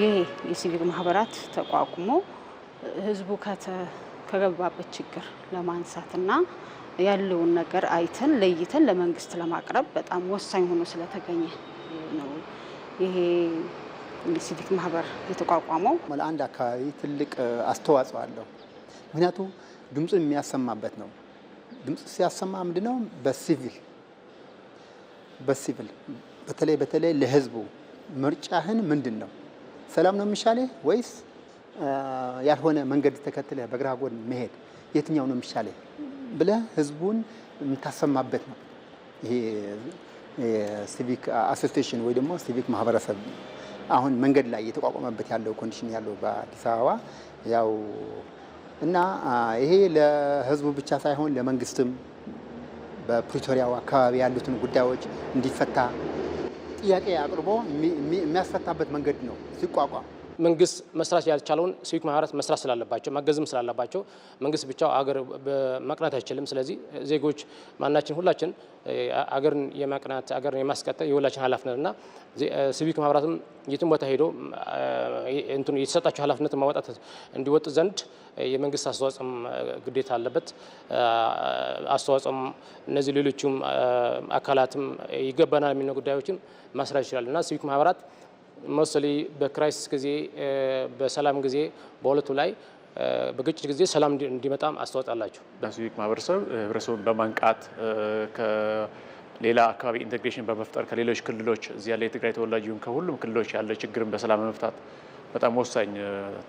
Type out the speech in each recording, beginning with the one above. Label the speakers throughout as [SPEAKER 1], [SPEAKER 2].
[SPEAKER 1] ይህ የሲቪክ ማህበራት ተቋቁሞ ህዝቡ ከገባበት ችግር ለማንሳትና ያለውን ነገር አይተን ለይተን ለመንግስት ለማቅረብ በጣም ወሳኝ ሆኖ ስለተገኘ ነው ይሄ ሲቪክ ማህበር የተቋቋመው። ለአንድ አካባቢ ትልቅ አስተዋጽኦ አለው። ምክንያቱ
[SPEAKER 2] ድምፁን የሚያሰማበት ነው። ድምፅ ሲያሰማ ምንድ ነው? በሲቪል በሲቪል በተለይ በተለይ ለህዝቡ ምርጫህን ምንድን ነው ሰላም ነው የሚሻልህ ወይስ ያልሆነ መንገድ ተከትለህ በግራ ጎን መሄድ የትኛው ነው የሚሻልህ ብለህ ህዝቡን የምታሰማበት ነው። ይሄ ሲቪክ አሶሲሽን ወይ ደግሞ ሲቪክ ማህበረሰብ አሁን መንገድ ላይ እየተቋቋመበት ያለው ኮንዲሽን ያለው በአዲስ አበባ ያው እና ይሄ ለህዝቡ ብቻ ሳይሆን ለመንግስትም በፕሪቶሪያው አካባቢ ያሉትን ጉዳዮች እንዲፈታ ጥያቄ አቅርቦ የሚያስፈታበት መንገድ ነው
[SPEAKER 3] ሲቋቋም መንግስት መስራት ያልቻለውን ሲቪክ ማህበራት መስራት ስላለባቸው ማገዝም ስላለባቸው መንግስት ብቻው አገር ማቅናት አይችልም። ስለዚህ ዜጎች ማናችን ሁላችን አገርን የማቅናት አገርን የማስቀጠል የሁላችን ኃላፊነት እና ሲቪክ ማህበራትም የትም ቦታ ሄዶ የተሰጣቸው ኃላፊነት ማወጣት እንዲወጥ ዘንድ የመንግስት አስተዋጽኦም ግዴታ አለበት። አስተዋጽኦም እነዚህ ሌሎችም አካላትም ይገባናል የሚነ ጉዳዮችን ማስራት ይችላል እና ሲቪክ ማህበራት ሞስሊ በክራይሲስ ጊዜ በሰላም ጊዜ በሁለቱ ላይ በግጭት ጊዜ ሰላም
[SPEAKER 4] እንዲመጣም አስተዋጣላችሁ። አላቸው። ማህበረሰብ ህብረተሰቡን በማንቃት ሌላ አካባቢ ኢንቴግሬሽን በመፍጠር ከሌሎች ክልሎች እዚህ ያለ የትግራይ ተወላጅ ይሁን ከሁሉም ክልሎች ያለ ችግርን በሰላም መፍታት በጣም ወሳኝ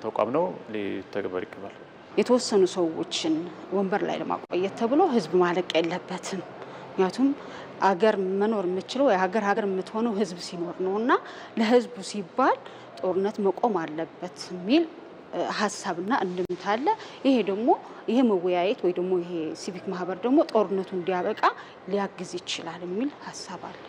[SPEAKER 4] ተቋም ነው፣ ሊተገበር ይገባል።
[SPEAKER 1] የተወሰኑ ሰዎችን ወንበር ላይ ለማቆየት ተብሎ ህዝብ ማለቅ የለበትም። ምክንያቱም አገር መኖር የምችለው የሀገር ሀገር የምትሆነው ህዝብ ሲኖር ነው እና ለህዝቡ ሲባል ጦርነት መቆም አለበት የሚል ሀሳብና እንድምታ አለ። ይሄ ደግሞ ይሄ መወያየት ወይ ደግሞ ይሄ ሲቪክ ማህበር ደግሞ ጦርነቱ እንዲያበቃ ሊያግዝ ይችላል የሚል ሀሳብ አለ።